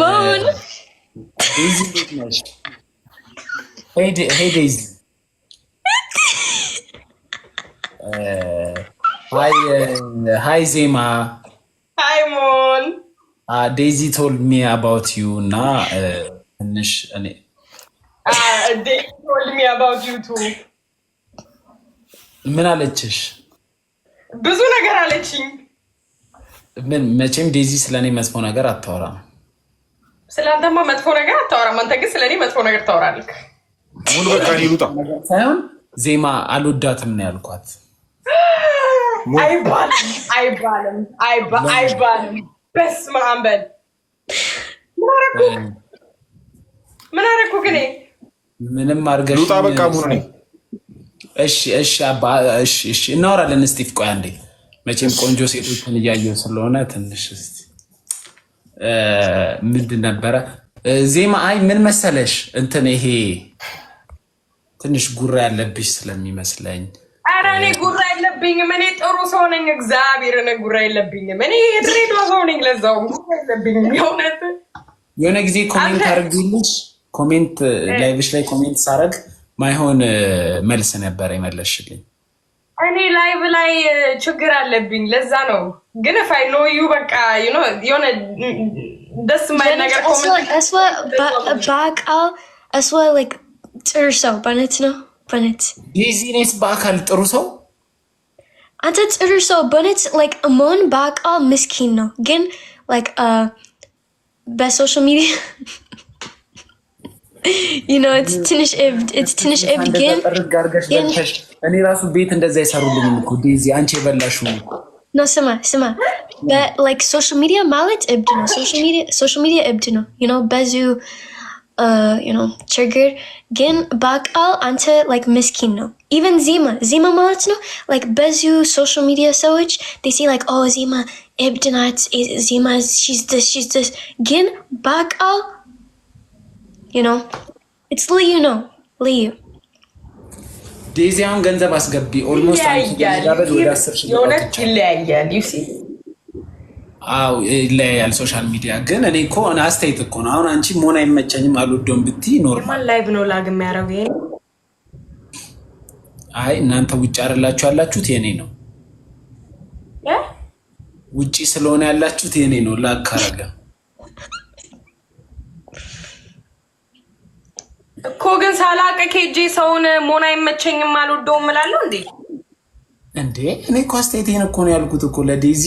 መሆን ሄዴዝ ሀይ ዜማ ሀይ ሞን ዴዚ ቶል ሚ አባውት ዩ እና ትንሽ እኔ ምን አለችሽ? ብዙ ነገር አለችኝ። ምን መቼም ዴዚ ስለእኔ መጥፎ ነገር አታወራም። ስለአንተማ መጥፎ ነገር አታወራም። አንተ ግን ስለእኔ መጥፎ ነገር ታወራለህ። ሙሉ በቃ ይውጣ ሳይሆን ዜማ አልወዳትም ነው ያልኳት። አይባልም አይባልም። በስመ አብ በል። ምን አደረኩ ግን ምንም አድርገሽ ልውጣ። በቃ ሙሉ ነኝ። እሺ እሺ እሺ፣ እናወራለን። እስጢፍ ቆይ አንዴ። መቼም ቆንጆ ሴቶችን እያየሁ ስለሆነ ትንሽ እስኪ ምንድን ነበረ ዜማ? አይ ምን መሰለሽ እንትን ይሄ ትንሽ ጉራ ያለብሽ ስለሚመስለኝ። ኧረ እኔ ጉራ የለብኝም። እኔ ጥሩ ሰው ነኝ። እግዚአብሔር እኔ ጉራ የለብኝም። እኔ የድሬዳዋ ሰው ነኝ። ለዛውም ጉራ የለብኝም። የእውነት የሆነ ጊዜ ኮሜንት አድርግልሽ ኮሜንት ላይቭሽ ላይ ኮሜንት ሳረግ ማይሆን መልስ ነበር የመለስሽልኝ። እኔ ላይቭ ላይ ችግር አለብኝ። ለዛ ነው ግን ፋይ ኖ ዩ በቃ የሆነ ደስ ማይ ነገር በአቃ እስ ጥሩ ሰው በነት ነው በነት የዚህኔስ በአካል ጥሩ ሰው አንተ ጥሩ ሰው በነት መሆን በአቃ ምስኪን ነው ግን በሶሻል ሚዲያ ትንሽ እብድ ግን እኔ ራሱ ቤት እንደዛ ይሰሩልኝ እኮ ዴዚ፣ አንቺ የበላሽው ነው። ስማ ስማ፣ ላይክ ሶሻል ሚዲያ ማለት እብድ ነው። ሶሻል ሚዲያ እብድ ነው። ዩ ኖ በዙ ዩ ኖ ችግር ግን በቃል አንተ ላይክ ምስኪን ነው። ኢቨን ዜማ ዜማ ማለት ነው ላይክ በዙ ሶሻል ሚዲያ ሰዎች ዴሲ ላይክ ኦ ዜማ እብድ ናት፣ ዜማ ሺዝ ድስ ሺዝ ድስ ግን በቃል ዩ ኖ ኢትስ ልዩ ነው ልዩ ዴዚ አሁን ገንዘብ አስገቢ ኦልሞስት ይለያያል። አዎ ይለያያል። ሶሻል ሚዲያ ግን እኔ እኮ አስተያየት እኮ ነው። አሁን አንቺ መሆን አይመቸኝም አልወደውም ብትይ ኖርማል ላይቭ ነው ላግ የሚያደርገው። አይ እናንተ ውጭ አይደላችሁ ያላችሁት የኔ ነው። ውጭ ስለሆነ ያላችሁት የኔ ነው ላካረገም እኮ ግን ሳላቀ ኬጄ ሰውን ሞና አይመቸኝም አልወደውም እላለሁ። እንዴ እንዴ እኔ እኮ አስተያየቴን እኮ ነው ያልኩት እኮ ለዴዚ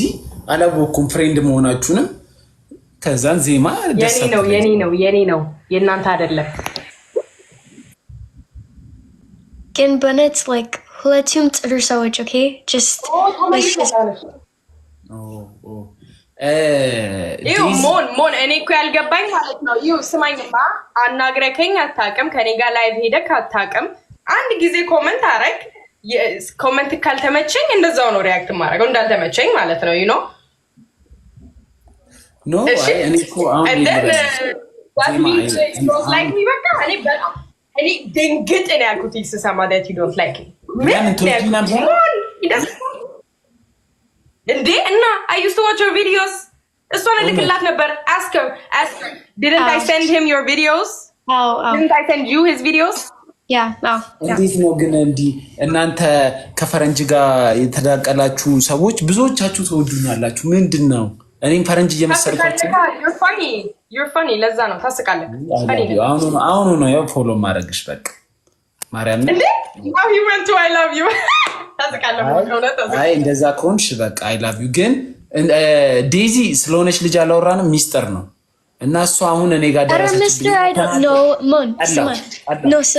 አላወኩም። ፍሬንድ መሆናችሁንም ከዛን ዜማ የኔ ነው የኔ ነው የኔ ነው የእናንተ አይደለም። ግን በነት ላይክ ሁለቱም ጥሩ ሰዎች ኦኬ ጀስት ይኸው ሞን ሞን እኔ እኮ ያልገባኝ ማለት ነው። ይኸው ስማኝማ፣ አናግረከኝ አታውቅም፣ ከኔ ጋር ላይቭ ሄደክ አታውቅም። አንድ ጊዜ ኮመንት አረግ፣ ኮመንት ካልተመቸኝ እንደዛው ነው ሪያክት ማድረገው፣ እንዳልተመቸኝ ማለት ነው። ኖ uh, እኔ ድንግጥ ነው ያልኩት ስሰማ ዶንት ላይክ እንዴ እና አይ ዋች ዮር ቪዲዮስ እሷን እልክላት ነበር። አስክ አስክ ዲድንት አይ ሰንድ ሂም ዮር ቪዲዮስ ዲድንት አይ ሰንድ ዩ ሂዝ ቪዲዮስ እንዴት ነው ግን እንዲህ እናንተ ከፈረንጅ ጋር የተዳቀላችሁ ሰዎች ብዙዎቻችሁ ትወዱኛላችሁ። ምንድን ነው እኔም ፈረንጅ እየመሰልኳችሁ ዩር ፋኒ ለዛ ነው ታስቃለህ። አሁን ነው ያው ፎሎ ማድረግሽ በቃ ማርያም እንዴ አው ሂ ወንት አይ ላቭ ዩ አይ እንደዛ ከሆንሽ በቃ አይ ላቭ ዩ። ግን ዴዚ ስለሆነች ልጅ አላወራንም፣ ሚስጥር ነው እና እሷ አሁን እኔ ጋር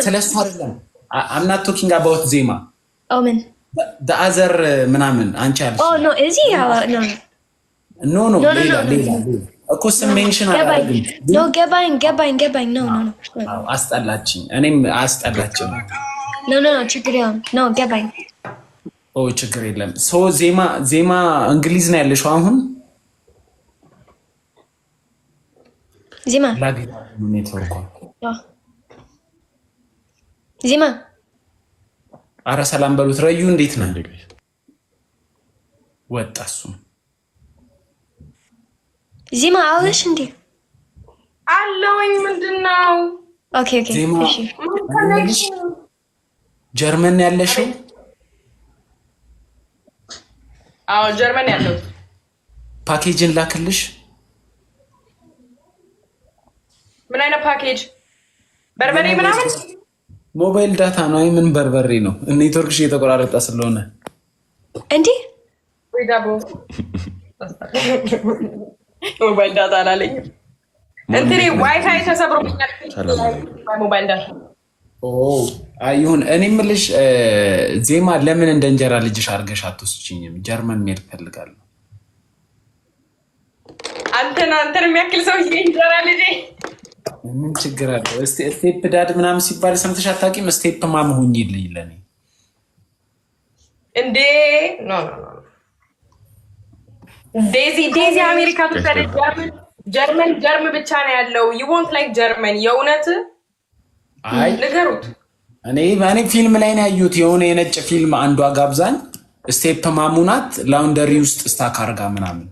ስለሱ አይደለም። አምናት ቶኪንግ አባውት ዜማ አዘር ምናምን አንቺ አለሽ ኖ oh, ኖ ሌላ ሌላ እኮ ስም ሜንሽን ገባኝ ገባኝ ገባኝ። ነው አስጠላችኝ፣ እኔም አስጠላችኝ። ችግር ነው ገባኝ ኦ ችግር የለም። ሰው ዜማ ዜማ እንግሊዝ ነው ያለሽ አሁን ዜማ ዜማ አረ ሰላም በሉት። ረዩ እንዴት ነው ወጣ? እሱም ዜማ አለሽ እንዴ? አለውኝ። ምንድን ኦኬ ኦኬ ጀርመን ያለሽው አዎ ጀርመን ያለው ፓኬጅን ላክልሽ። ምን አይነት ፓኬጅ? በርበሬ ምናምን ሞባይል ዳታ ነው። ምን በርበሬ ነው? ኔትወርክሽ የተቆራረጠ ስለሆነ እንዲህ ሞባይል ዳታ አላለኝም። እንትን ዋይፋይ ተሰብሮብኛል። ሞባይል ዳታ አይሁን እኔ ምልሽ ዜማ ለምን እንደ እንጀራ ልጅሽ አድርገሽ አትወስጂኝም? ጀርመን መሄድ ፈልጋለሁ። አንተን አንተን የሚያክል ሰው እንጀራ ልጅ ምን ችግር አለው? ስቴፕ ዳድ ምናምን ሲባል ሰምተሽ አታውቂም? ስቴፕ ማም ሁኚልኝ ለኔ እንዴ። ኖ ዴዚ ዴዚ አሜሪካ ጀርመን ጀርመን ብቻ ነው ያለው። ዩ ዎንት ላይክ ጀርመን የእውነት አይ ንገሩት። እኔ እኔ ፊልም ላይ ነው ያዩት። የሆነ የነጭ ፊልም አንዷ ጋብዛኝ ስቴፕ ማሙናት ላውንደሪ ውስጥ ስታክ አርጋ ምናምን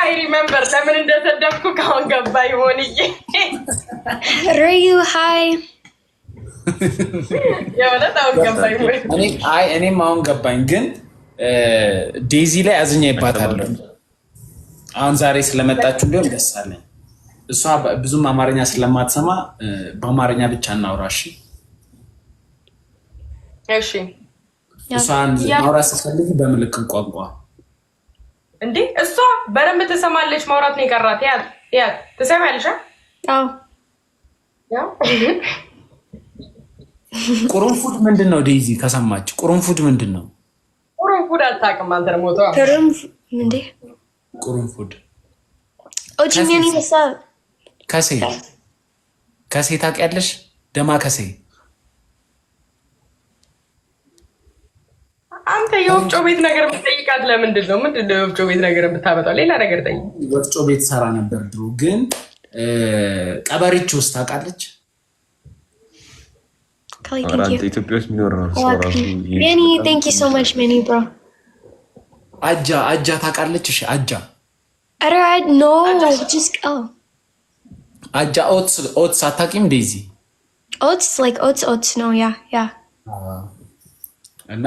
አይ ሪመምበር ለምን እንደሰደብኩ ካሁን ገባ ይሆንዬ ርዩ ሀይ እኔም አሁን ገባኝ። ግን ዴዚ ላይ አዝኛ አሁን ዛሬ ስለመጣችሁ እንዲሆን ደስ አለኝ። እሷ ብዙም አማርኛ ስለማትሰማ በአማርኛ ብቻ እናውራ። እሺ እሺ። እሷን ማውራት ስትፈልግ በምልክት ቋንቋ እንዴ? እሷ በደንብ ትሰማለች። ማውራት ነው የቀራት። ያ ያል ትሰማለች። አዎ ቁርንፉድ ምንድን ነው? ዴይዚ ከሰማች ቁርንፉድ ምንድን ነው? ቁርንፉድ አታውቅም አንተ ደግሞ ተው። ቁርንፉድ ከሴ ከሴ ታውቂያለሽ? ደማ ከሴ አንተ የወፍጮ ቤት ነገር የምትጠይቃት ለምንድን ነው? ምንድን ነው የወፍጮ ቤት ነገር የምታመጣው? ሌላ ነገር ጠይቅ። ወፍጮ ቤት ሰራ ነበር ድሮ። ግን ቀበሪች ውስጥ ታውቃለች ኢትዮጵያ ውስጥ የሚኖር ነው። ቴንክ ዩ ሶ ማች መኒ ብሮ። አጃ አጃ ታውቃለች? እሺ አጃ ኖ አጃ ኦትስ አታውቂም? ዴዚ ኦትስ ላይክ ኦትስ ኦትስ ነው ያ ያ እና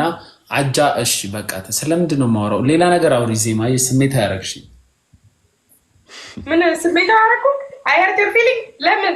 አጃ እሺ፣ በቃ ስለምንድን ነው የማወራው? ሌላ ነገር አውሪ። ዜማ ስሜት አያረግሽ ምን ስሜት አያረግኩ አያርቴ ፊሊንግ ለምን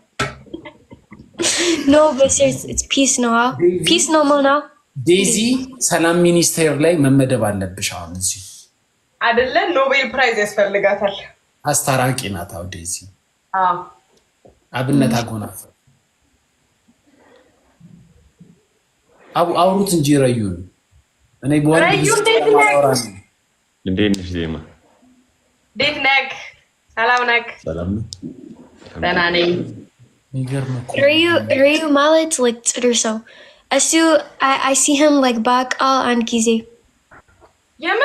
ኖ ፒስ ነው ፒስ ነው መሆና ዴዚ ሰላም ሚኒስቴር ላይ መመደብ አለብሽ። አሁን እዚህ አይደለ ኖቤል ፕራይዝ ያስፈልጋታል። አስታራቂ ናት። አዎ ዴዚ አብነት አጎናፍ አውሩት እንጂ ረዩን እኔ እንዴት ነሽ ዜማ? እንዴት ነህ? ሰላም ነህ? ደህና ነኝ። Are you Ryu Mallet like Tsuruso. Asu, I, I see him like back all ah, on Kizi. Yemen?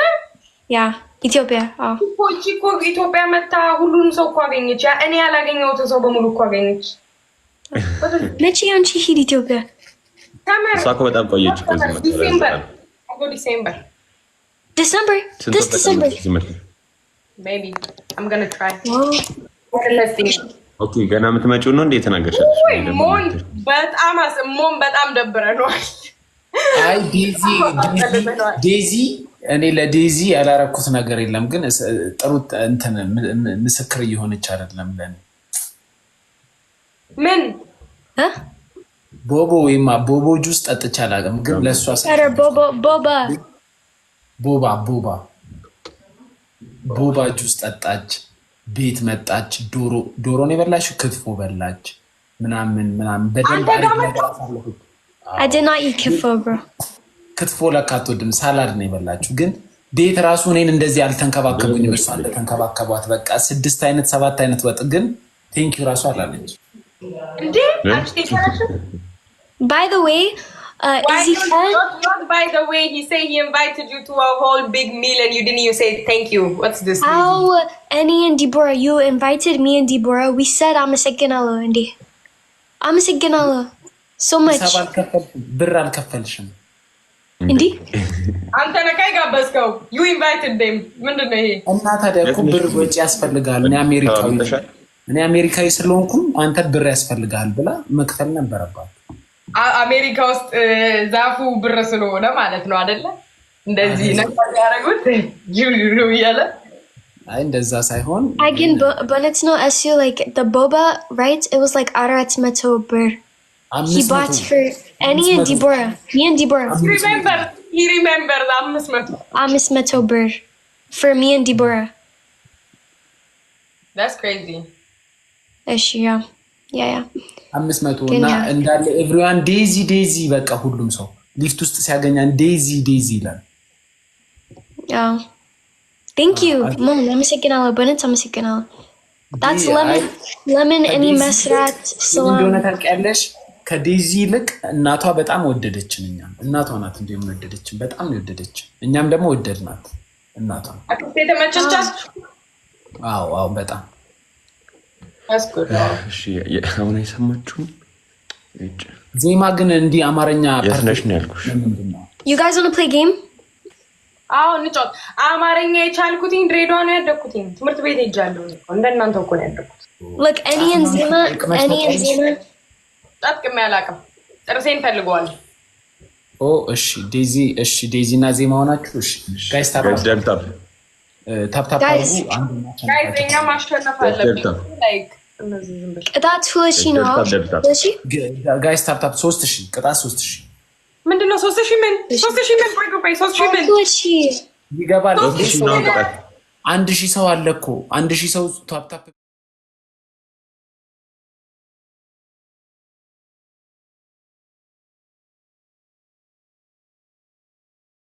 Yeah, Ethiopia. Oh. Ethiopia meta hulun so kwaging it. Yeah, any alaging out of the mulu kwaging it. Mechi on Chihi Ethiopia. Saka with that boy, you December. December. December. This December. Maybe. I'm gonna try. Well, what ኦኬ ገና የምትመጪው ነው እንዴ? የተናገርሻለሽ በጣም ሞን በጣም ደብረነዋል። አይ ዴዚ እኔ ለዴዚ ያላረኩት ነገር የለም፣ ግን ጥሩ እንትን ምስክር እየሆነች አይደለም ለእኔ ምን ቦቦ ወይማ ቦቦ ጁስ ጠጥቼ አላውቅም፣ ግን ለእሷ ቦባ ቦባ ቦባ ጁስ ጠጣች። ቤት መጣች፣ ዶሮ ዶሮ ነው የበላችው፣ ክትፎ በላች ምናምን ምናምን። በደንብ አደናቂ ክትፎ ክትፎ ለካ አትወድም፣ ሳላድ ነው የበላችሁ። ግን ቤት ራሱ እኔን እንደዚህ አልተንከባከቡኝ፣ እሷ እንደተንከባከቧት በቃ ስድስት አይነት ሰባት አይነት ወጥ ግን ቴንኪው ራሱ አላለች። እንዴ ባይ ዘ ዌይ Uh, Why is he Not, not, by the way, he said he invited you to a whole big meal and you didn't even say thank you. What's this? How Annie and Deborah, you invited me and Deborah. We said I'm a second hello, Andy. I'm a second hello. So much. እንዴ አንተ ነካ የጋበዝከው ዩ ኢንቫይትድ ዴም ምንድን ነው ይሄ? እና ታዲያ እኮ ብር ወጪ ያስፈልጋል። እኔ አሜሪካዊ እኔ አሜሪካዊ ስለሆንኩም አንተ ብር ያስፈልጋል ብላ መክፈል ነበረባት። አሜሪካ ውስጥ ዛፉ ብር ስለሆነ ማለት ነው አይደለ? እንደዚህ ነበር ያደረጉት ዩዩ እያለ አይ እንደዛ ሳይሆን አይ ግን በእውነት ነው እሱ like the boba right it was like አራት መቶ ብር he bought for any and Deborah he and Deborah remember he remember አምስት መቶ አምስት መቶ ብር for me and Deborah that's crazy እሺ ያው አምስት መቶ እና እንዳለ ኤቭሪዋን ዴዚ ዴዚ በቃ ሁሉም ሰው ሊፍት ውስጥ ሲያገኛን ዴዚ ዴዚ ይላል። ቴንክ ዩ ሞም፣ አመሰግናለሁ። በእውነት አመሰግናለሁ። ለምን እኔ መስራት ስለሆነ ታውቂያለሽ። ከዴዚ ይልቅ እናቷ በጣም ወደደችን። እኛም እናቷ ናት እንዲሁም ወደደችን፣ በጣም ወደደችን። እኛም ደግሞ ወደድናት እናቷ። አዎ አዎ በጣም አሁን አይሰማችሁም? ዜማ ግን እንዲህ አማርኛ የትነሽ ነው ያልኩሽ። አዎ እንጫወት። አማርኛ የቻልኩትኝ ድሬዳዋ ነው ያደግኩትኝ። ትምህርት ቤት ሄጃለሁ። እንደናንተ እኮ ነው ያደግኩት። እኔን ዜማ አላውቅም። ጥርሴን ፈልገዋል። እሺ ዴዚ፣ እሺ ዴዚ እና ዜማ ሆናችሁ ጋይስ ታፕታፕ ጋይስ፣ እኛ ማሸነፍ አለብን። ቅጣት ሺ ነው ጋይስ ታፕታፕ ሶስት ሺ ቅጣት ሶስት ሺ ምንድነው? ሶስት ሺ ምን ሶስት ሺ ምን ይገባል። አንድ ሺህ ሰው አለ እኮ አንድ ሰው ታፕታፕ